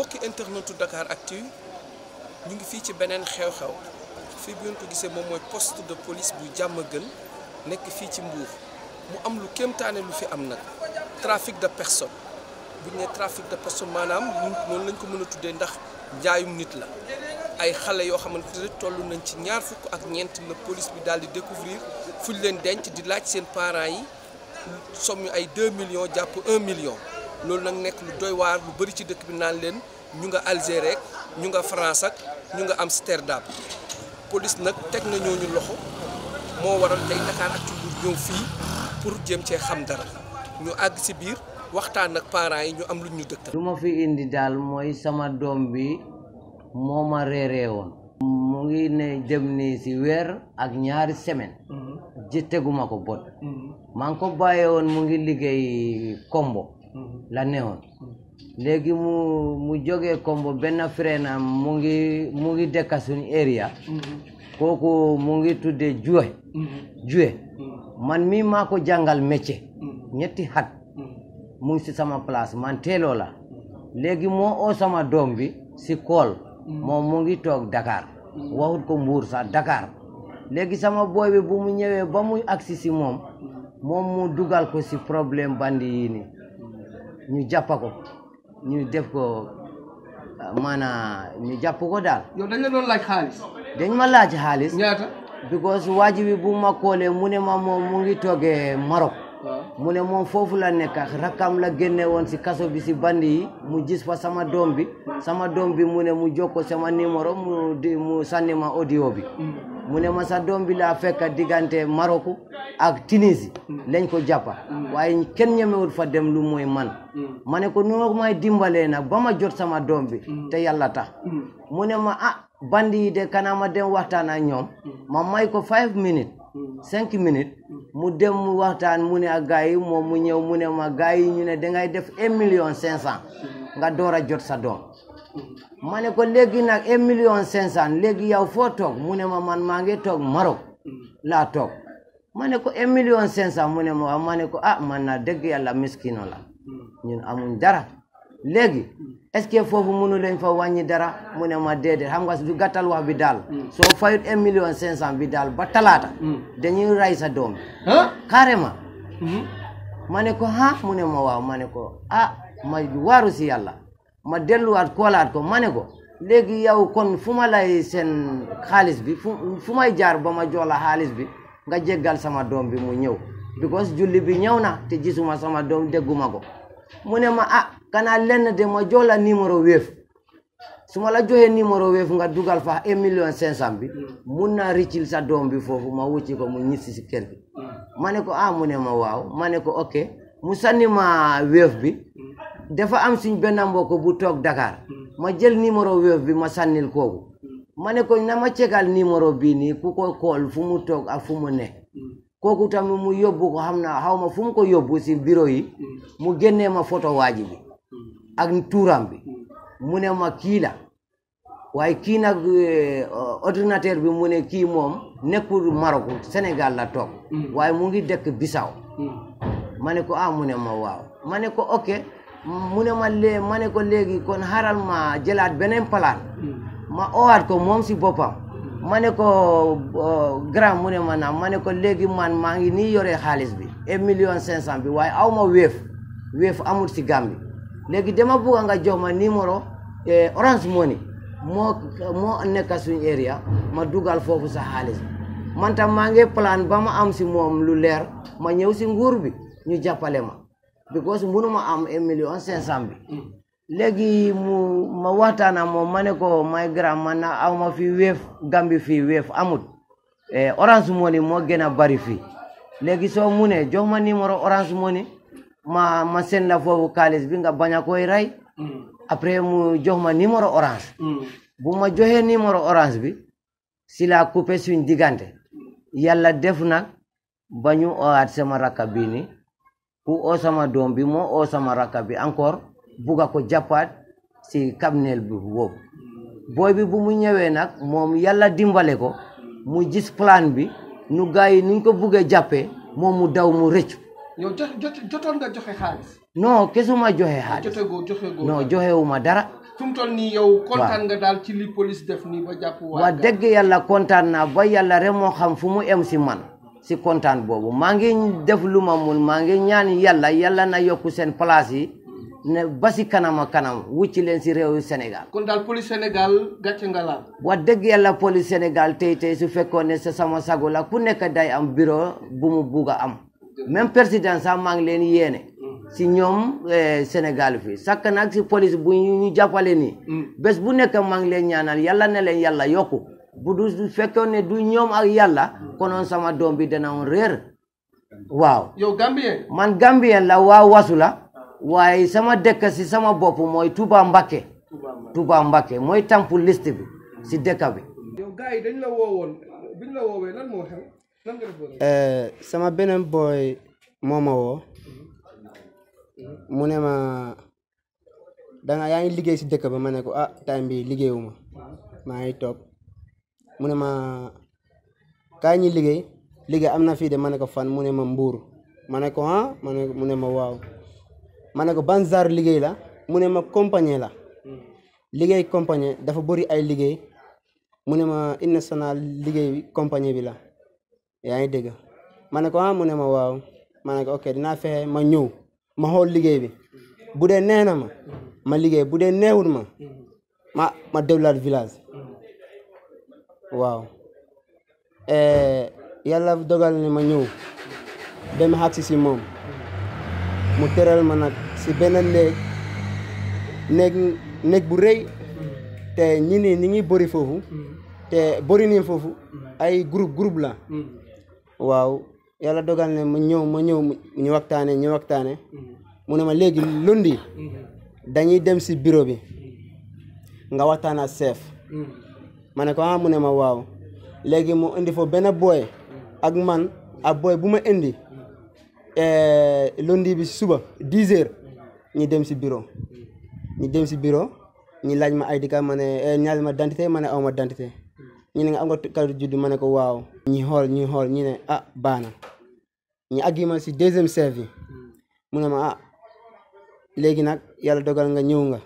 mbokki internetu actu ñu ngi fi ci benen xew-xew fi bu ñu ko gisee moom mooy poste de police bu Diamaguène nek fi ci Mbour mu am lu kemtane lu fi am nak trafic de personnes bu ñu trafic de personne maanaam non lañ ko mëna a ndax jaayum nit la ay xalé yo xamante ne toll nañ ci ñaar fukk ak ñent na police bi daal di découvrir fuñ leen denc di laaj seen parents yi somme ay 2 millions japp 1 million loolu nak nek lu doy war lu bëri ci dekk bi nan len ñu nga Algérie ak ñu nga France ak ñu nga Amsterdam police nak tek na ñoo ñu loxo mo waral tay Dakar ak ci bur ñew fi pour jëm ci xam dara ñu ag ci bir waxtaan ak parents yi ñu am lu ñu dëkkal. lu ma fi indi dal moy sama dom bi moma ma won mu ngi ne dem ni ci wer ak ñaari semaine. Mhm. ji teguma ko bot. Mhm. maa ko bàyyee won mu ngi liggéey combo Mm-hmm. la newoon mm-hmm. léegi mu mu jógee Kombo benn frère mu ngi mu ngi dëkk suñu area mm-hmm. kooku mu ngi tuddee juwe juwe man mii maa ko jàngal métier ñetti xat mu ngi si sama place man teeloo la léegi moo oo sama doom bi si kool moom mu ngi toog Dakar waxut ko Mbuur sa Dakar léegi sama booy bi bu mu ñëwee ba mu agsi si moom moom mu dugal ko si problème bandi yii ñu jàppa ko ñu def ko ah, maanaam ñu jàpp ko daal. dañ ma laaj xaalis. ñaata. because waajib bu ma koolee mu ne ma moom mu ngi toogee Maroc. mu ne moom foofu la nekk rakkam la génne woon si kaso bi si bandi yi mu jis fa sama doom bi sama doom bi mu ne mu jokkoo sama numéro mu di ma audio bi. Mm. mu ne ma sa doom bi laa fekk diggante Maroc ak Tunisie lañ ko jàppa waaye kenn ñemewul fa dem lu mooy man ma ne ko noo may dimbalee na ba ma jot sama doom bi te yàlla tax mu ne ma ah bandi yi de kanaa ma dem waxtaan ak ñoom ma may ko five minutes cinq minutes mu dem mu waxtaan mu ne ak gars yi moom mu ñëw mu ne ma gars yi ñu ne dangay def un million cinq cent nga door a jot sa doom ma ne ko léegi nag un million cinq cent léegi yow foo toog mu ne ma man maa ngi toog Maroc laa toog ma ne ko un million cinq cent mu ne ma ma ne ko ah man na dëgg yàlla miskino la ñun amuñ dara léegi est-ce que foofu leen fa wàññi dara mu ne ma déedéet xam nga du gàttal wax bi daal soo fayut un million cinq cent bi daal ba talaata dañuy ray sa doom carrément mhm. ma ne ko ah mu ne ma waaw ma ne ko ah ma waaru si yàlla ma delluwaat kolaat ko ma ne ko léegi yow kon fu ma lay seen xaalis bi fu fu may jaar ba ma jox la xaalis bi nga jéggal sama doom bi mu ñëw because julli bi ñëw na te jisuma sama doom dégguma ko mu ne ma ah kanaa lenn de ma jox la numéro wéef su ma la joxee numéro wéef nga dugal fa un million cinq bi mun na ricil sa doom bi foofu ma wucci ko mu ñitti si kër gi ma ko ah mu ma waaw ma ko ok mu sànni ma wéef bi dafa am suñ benn mbokk bu toog Dakar hmm. ma jël numéro Wave bi ma sànnil kooku hmm. ma ne ko na ma cegal numéro bii nii ku ko kool fu mu toog a fu mu ne hmm. kooku tamit mu yóbbu ko xam naa xaw ma fu mu ko yóbbu si bureau yi mu génnee ma photo waaji bi ak tuuram bi mu ne ma kii la waaye kii nag eh, ordinateur bi mu kii moom nekkul Maroc Sénégal la toog waaye mu ngi dekk bisaw ma ko ah mu ma waaw ma ko ok mu ne ma lée ma ne ko léegi kon xaral ma jëlaat beneen palaan ma owaat ko moom si boppam ma ne ko euh, grand mu ne ma naam ma ne ko léegi man maa ngi nii yoree xaalis bi un million cinq bi waaye aw ma wéef wéef amul si Gàmbi léegi dama bëgg nga jox ma numéro euh, Orange Money moo moo nekk area ma dugal foofu sa xaalis bi man tam maa ngi ba ma am si moom lu leer ma ñëw si nguur bi ñu jàppale ma because mënuma am un million cinq cent mm. mu ma waxtaan ak moom ma ne ko my grand man na aw ma fi weef gambi fi weef amut eh, orange money moo gën a bari fii léegi soo mu ne jox ma numéro orange moni ma ma seen la bi nga bañ a koy rey mm. après mu jox ma numéro orange mm. bu ma joxee numéro orange bi si la coupé suñ diggante yàlla def nag ba ñu owaat sama rakka bii ku oo sama doom bi moo oo sama rakka bi encore bugga ko jàppaat si kabneel bi boobu booy bi mu ñëwee nag moom yàlla dimbale ko mu gis plan bi nu gars yi nuñ ko buggee jàppee moom mu daw mu rëccu yow jotoon nga joxe xaalis non ah, joxewuma dara su mu toll yow kontaan ci li police def yàlla kontaan naa ba yàlla rek moo xam fu mu em si man si kontaan boobu maa ngi def lu ma mun maa ngi ñaan yàlla yàlla na yokku seen place yi ba si kanam ak kanam wucc leen si réewu Sénégal. kon daal police Sénégal gàcce nga la wax dëgg yàlla police Sénégal tey tey su fekkoon ne sa sama sago la ku nekk day am bureau bu mu bugg a am même président sax maa ngi leen yéene. si ñoom eh, Sénégal fii sa nag si police bu ñu jàppale ni mm. bés bu nekk maa ngi leen ñaanal yàlla ne leen yàlla yokku. bu du fekkoon ne du ñoom ak yàlla konoon sama doom bi dana woon réer waaw man Gambien la waa wasu la waaye sama dëkk si sama bopp mooy Touba Mbakke mooy tampu list bi si dëkk bi eh, sama beneen booy moo woo mu ne ma danga yaa ngi liggéey si dëkk ba ma ne ko ah time bi liggéeyuma maa ngi toog mu ne ma kaa ñi liggéey liggéey am na fii de ma ne ko fan mu ne ma mbuur ma ne ko ah ma mu ne ma waaw ma ne ko ban genre liggéey la mu ne ma compagnie la liggéey compagnie dafa bëri ay liggéey mu ne ma international liggéey bi compagnie bi la yaa ngi dégg ma ne ko ah mu ne ma waaw ma ne ko ok dinaa fexe ma ñëw ma xool liggéey bi bu dee neex na ma ma liggéey bu dee neexul ma ma ma dewlaat village waaw eh, yàlla dogal ne ma ñëw ba ma agsi si moom mu tëral ma nag si beneen néeg néeg néeg bu rëy te ñi nii ñi ngi bëri foofu te bëri nii foofu ay group groupe la waaw yàlla dogal ne ma ñëw ma ñëw ñu waxtaane ñu waxtaane mu ne ma léegi lundi dañuy dem si bureau bi nga waxtaan ak chef ma ne ko ah mu ne ma waaw léegi moo indi foofu benn booy ak man ak booy bu ma indi eh, lundi bi suba dix heures ñu dem si bureau ñu dem si bureau ñu laaj ma ay dika ma ne eh, ñu ma dentité ma ne aw ma dentité ñu ne nga am nga carte juddu ma ne ko waaw. ñi xool ñi xool ñu ne ah baana na ñu ma si deuxième service mune ma ah léegi nag yàlla dogal nga ñëw nga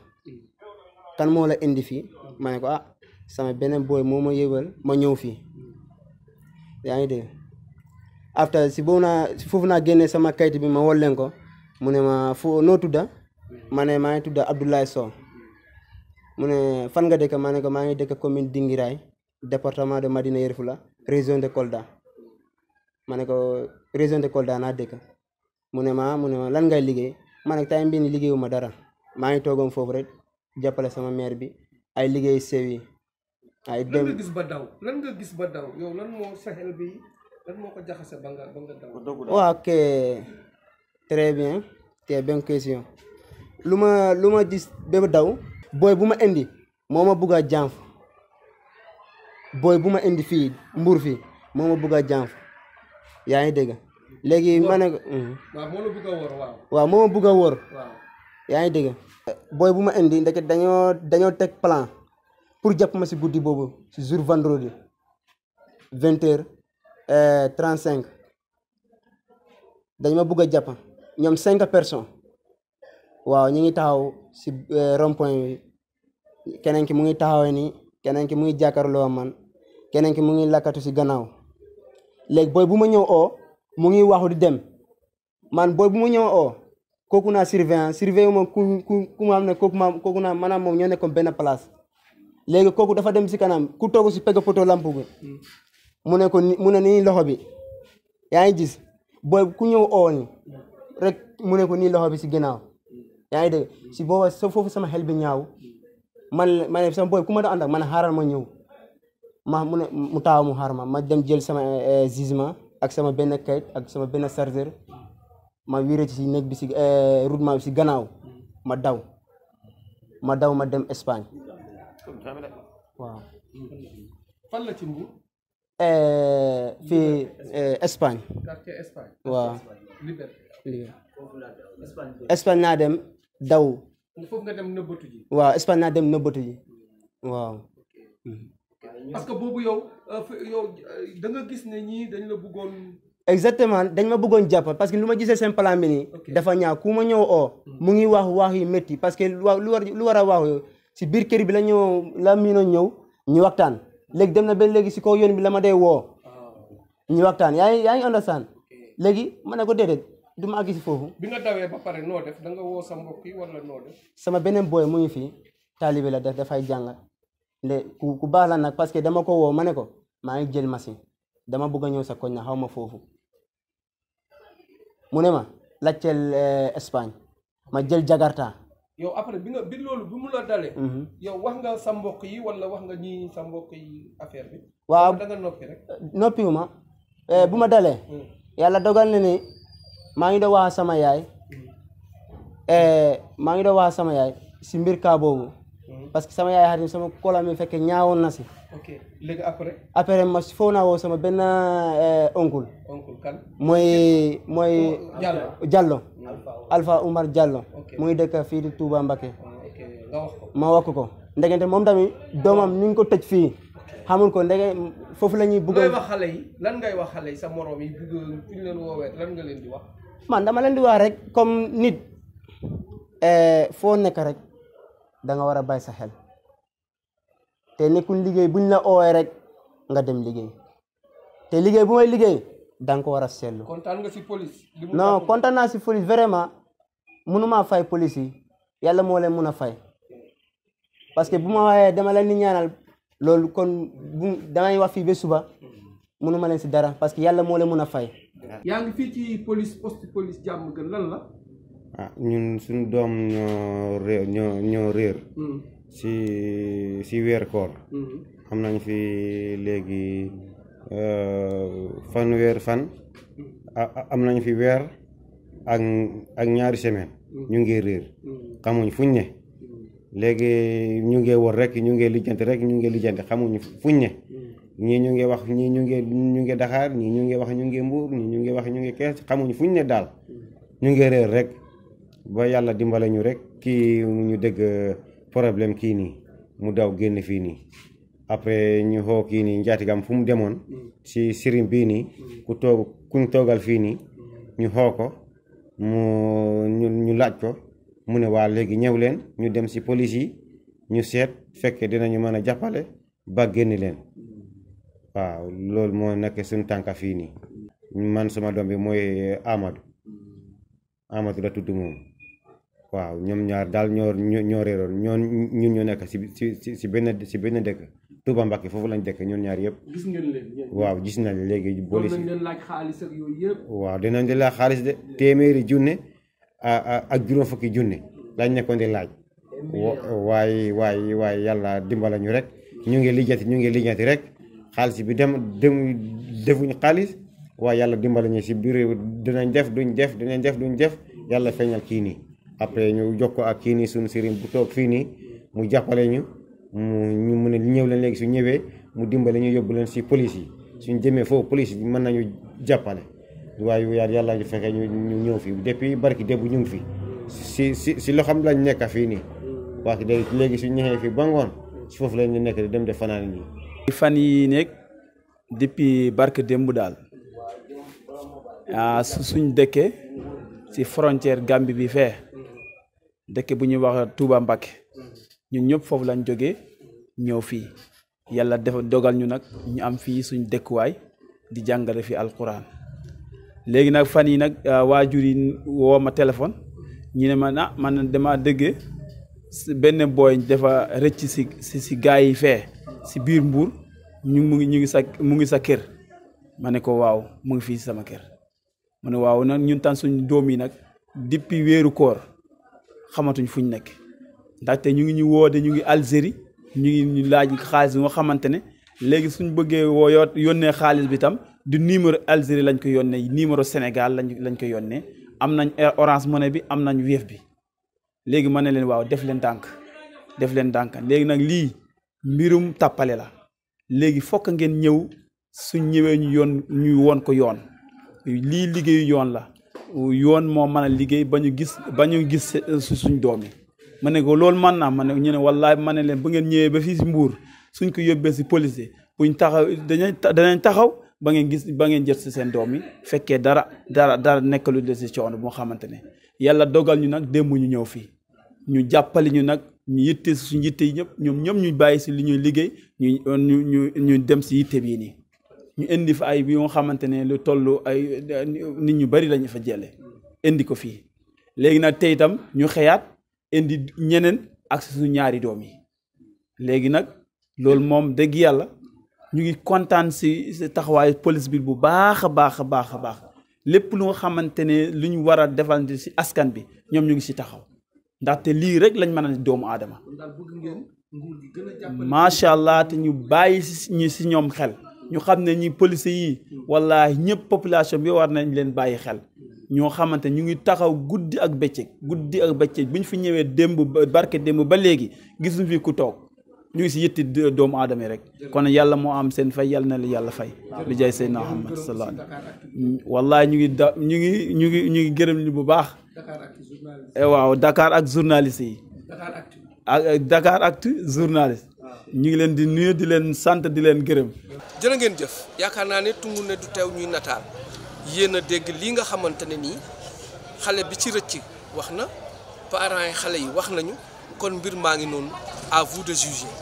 kan moo la indi fii ma ko ah. sama beneen booy moom ma yëgal ma ñëw fii yaa ngi dégg after si boobu naa foofu naa génnee sama kayit bi ma wol leen ko mu ne ma foo noo tudda ma ne maa ngi tudda Abdoulaye Sow mu ne fan nga dëkk ma ne ko maa ngi dëkk commune Dingiraay département de Madina Yoro Foulah région de Kolda ma ne ko région de Kolda naa dëkk mu ne ma mu ne ma lan ngay liggéey ma ne tay mbii ni liggéeyu ma dara maa ngi toogoon foofu rek jàppale sama maire bi ay liggéey sew ay dem lan nga gis ba daw lan nga gis ba daw yow lan moo sa xel bi lan moo ko jaxase ba nga ba nga daw. waaw ok très bien c'est bonne question lu ma gis ba daw. booy bu ma indi moo ma bugg a jànf booy bu ma indi fii mbuur fii moo buga bugg a jànf yaa ngi dégg léegi ma ne. Hmm. waaw moo la bugg a wóor waaw. waaw moo ma indi plan. pour jàpp ma si guddi boobu si jour vendredi vingt heures euh, trente cinq dañ ma bugg a jàpp ñoom cinq personnes waaw ñu ngi taxaw si euh, rond point bi keneen ki mu ngi taxawee nii keneen ki mu ngi jàkkaarloo man keneen ki mu ngi lakkatu si gannaaw léegi booy bu ma ñëw oo mu ngi waxu di dem man booy bu ma ñëw oo kooku naa surveillant surveillant moom ku ku ku ma xam ne kooku ma kooku naa maanaam moom ñoo nekkoon benn place. legi koku dafa dem ci kanam ku togu ci pegg poto lampu bi muné ko muné ni loxo bi yaay gis booy ku ñew oo rek muné ko ni loxo bi si ginaaw yaay de ci si booba sa sama xel bi ñaaw man ma sama boy ku da andak man xaaral ma ñew ma muné mu taaw mu xaar ma dem jël sama jugement eh, ak sama ben kayit ak sama bena chargeur ma wiré ci si bi bi si eh, rudma bi ci ganaw ma daw ma daw ma dem Espagne waaw mm-hmm. fan la ci Mbour eh, eh, Espagne Espagne naa dem daw waaw Espagne naa dem nëbbatu ji waaw mm-hmm. parce boobu yow euh, yow euh, gis ne ñii dañ la bëggoon exactement dañ ma bëggoon jàpp parce que lu ma gisee seen plan bi nii dafa ñaaw ku ma ñëw oo mm-hmm. mu ngi wax wax yu parce que lu war lu war a wax si biir kër bi la ñëw la miinoon ñëw ñu waxtaan léegi dem na ba léegi si kaw yoon bi la ma dee woo ñu waxtaan yaay ngi yaa understand léegi ma ne ko déedéet du ma àgg si foofu. bi nga da nga woo sa mbokk sama beneen booy mu ngi fii taalibe la def dafay jàng nde ku ku baax nag parce que dama ko woo ma ne ko maa ngi jël machine dama bëgg a ñëw sa koñ na xaw ma foofu mu ne ma laajteel eh, Espagne ma jël Jakarta. yow après bi nga bi loolu bi mu la dalee. Mhm. yow wax nga sa mbokk yi wala wax nga ñi sa mbokk yi affaire waaw da noppiwuma eh, bu ma dalee. Mm. yàlla dogal na ni maa ngi doon wax sama yaay. Mm. Eh, maa ngi doon wax sama yaay si mbir kaa boobu. Mm. parce que sama yaay xarit sama kola mi fekke ñaawoon na si. ok léegi après. après ma foo naa woo sama benn eh, oncle. mooy mooy. Diallo Alpha Oumar Diallo mu ngi dëkk fii di Touba Mbacké ah, ma wax ko ndegente moom tamit doomam ñu ngi ko tëj fii xamul ko ndege foofu la ñuy bëgg a xale yi lan ngay wax xale yi sa morom yi bëgg fu leen di wax man dama leen di wax rek comme nit eh, foo nekk rek danga war a bàyyi sa xel te nekkul liggéey buñ la oowee rek nga dem liggéey te liggéey bu may liggéey da nga ko war a seetlu. kontaan nga si police. non kontaan naa si police vraiment mënumaa fay police yi yàlla moo leen mun a fay parce que bu ma waxee dama leen ni ñaanal loolu kon bu damay wax fii ba suba mënuma leen si dara parce que yàlla moo leen mun a fay. yaa ngi fii ci police poste police jàmm gën lan la. Ah, ñun suñu doom ñoo réer ñoo hmm. si si weer koor. Hmm. xam nañ fi léegi. Euh, fanweer fan am nañ fi weer ak ak ñaari semaine ñu ngi réer xamuñ fuñ ne léegi ñu ngi wor rek ñu ngi lijjanti rek ñu ngi lijjanti xamuñ fuñ ne ñii ñu ngi wax ñii ñu ngi ñu ngi ñii ñu ngi wax ñu ngi Mbuur ñii ñu ngi wax ñu ngi Kees xamuñ fuñ ne daal ñu ngi réer rek ba yàlla dimbale ñu rek kii ñu dégg problème kii nii mu daw génn fii nii après ñu xoo kii nii njaatigam fu mu demoon si sirim bii nii ku toog kuñ toogal fii nii ñu xoo ko mu ñu laaj ko mu ne waa léegi ñëw leen ñu dem si police yi ñu seet fekkee dinañu mën a jàppale ba génn leen waaw loolu moo nekk suñu tànka fii nii man sama doom bi mooy Amadou Amadou la tudd moom waaw ñoom ñaar daal ñoo ñoo réeroon ñoo ñun ñoo nekk si si si benn si benn dëkk Touba Mbacké foofu lañ dëkk ñoom ñaar yëpp. gis ngeen leen waaw gis nañ léegi. boole si leen laaj xaalis ak yooyu yëpp. waaw dinañ di laaj xaalis de téeméeri junne ak juróom fukki junne lañ nekkoon di laaj. waaye waaye waaye yàlla dimbala ñu rek ñu ngi lijjati ñu ngi lijjati rek xaalis bi dem dem defuñ xaalis waaye yàlla dimbala ñu si biir dinañ def duñ def dinañ def duñ def yàlla feeñal kii nii. après ñu jox ko ak kii nii suñu sëriñ bu toog fii nii mu jàppale ñu mu ñu mën a ñëw leen léegi su ñëwee mu dimbale ñu yóbbu leen si police yi suñ demee foofu police yi mën nañu jàppale waaye yàlla ñu fexe ñu ñu ñëw fii depuis barki débu ñu fii fi si si si loxam lañ nekk fii nii waa ki day léegi su ñexee fii ba ngoon si foofu lañ nekk di dem de fanaan nii fan yi nekk depuis barki démb daal ah suñ dëkkee si frontière Gambie bi fee dëkk bu ñuy wax Touba Mbacke mm-hmm. ñun ñëpp foofu lañ jóge ñëw fii yàlla def dogal ñu nag ñu am fii suñ dëkkuwaay di jàngale fi alxuraan léegi nag fan yi nag ah, waajur yi woo ma téléphone ñu ne ma ah man dama dëggee benn booy dafa rëcc si si si yi fee si biir mbuur ñu mu ngi ñu ngi sa mu ngi sa kër ma ne ko waaw mu ngi fii sama kër ma ne waaw nag ñun tan suñ doom yi nag depuis wéeru koor xamatuñ ñu nekk ndaxte ñu ngi ñu woote ñu ngi Algérie ñu ngi laaj xaalis bi nga xamante ne léegi suñ bëggee woo yónnee xaalis bi itam di numéro Algérie lañ ko yónnee numéro Sénégal lañ lañ ko yónnee am nañ Orange Money bi am nañu Wave bi léegi ma ne leen waaw def leen dànk def leen dànk léegi nag lii mbirum tàppale la léegi fokk ngeen ñëw suñ ñëwee ñu yoon ñu woon ko yoon lii liggéeyu yoon la yoon moo mën a liggéey ba ñu gis ba ñu gis su suñ doom yi ma ne ko lool mën naa ma ne ñu ne wallaay ma ne leen ba ngeen ñëwee ba fii si mbuur suñ ko yóbbee si police buñ taxaw danañ taxaw ba ngeen gis ba ngeen jël si seen doom yi fekkee dara dara dara nekk lu des si coono boo xamante ne yàlla dogal ñu nag démb ñu ñëw fii ñu jàppali ñu nag ñu yitte suñ yitte ñëpp ñoom ñëpp ñu bàyyi si li ñuy liggéey ñu ñu ñu dem si yitte bii nii ñu indi fa ay bi nga xamante ne lu toll ay nit ñu bari lañu fa jële indi ko fii léegi nag tey itam ñu xëyaat indi ñeneen ak suñu ñaari doom yi léegi nag loolu moom dëgg yàlla ñu ngi kontaan si taxawaayu police bi bu baax a baax a baax a baax lépp lu nga xamante ne lu ñu war a defal si askan bi ñoom ñu ngi si taxaw ndaxte lii rek lañ mën a doomu aadama macha allah te ñu bàyyi ñu si ñoom xel ñu xam ne ñi police yi wallaahi ñëpp population bi war nañ leen bàyyi xel ñoo xamante ñu ngi taxaw guddi ak bëccëg guddi ak bëccëg bi ñu fi ñëwee démb ba barke démb ba léegi gisuñu fi ku toog ñu ngi si yëtti doomu aadama rek kon yàlla moo am seen fay yàlla na la yàlla fay li jaay Seydina Muhammad sallallahu alayhi wallaahi ñu ngi da ñu ngi ñu ngi ñu gërëm ñu bu baax eh waaw Dakar ak journaliste yi ak Dakar ñu ngi leen di nuyu di leen sant di leen gërëm. jërë ngeen jëf yaakaar naa ne tungu ne du teew ñuy nataal yéen a dégg lii nga xamante ne nii xale bi ci rëcc wax na parents yi xale yi wax nañu kon mbir maa ngi noonu à vous de juger.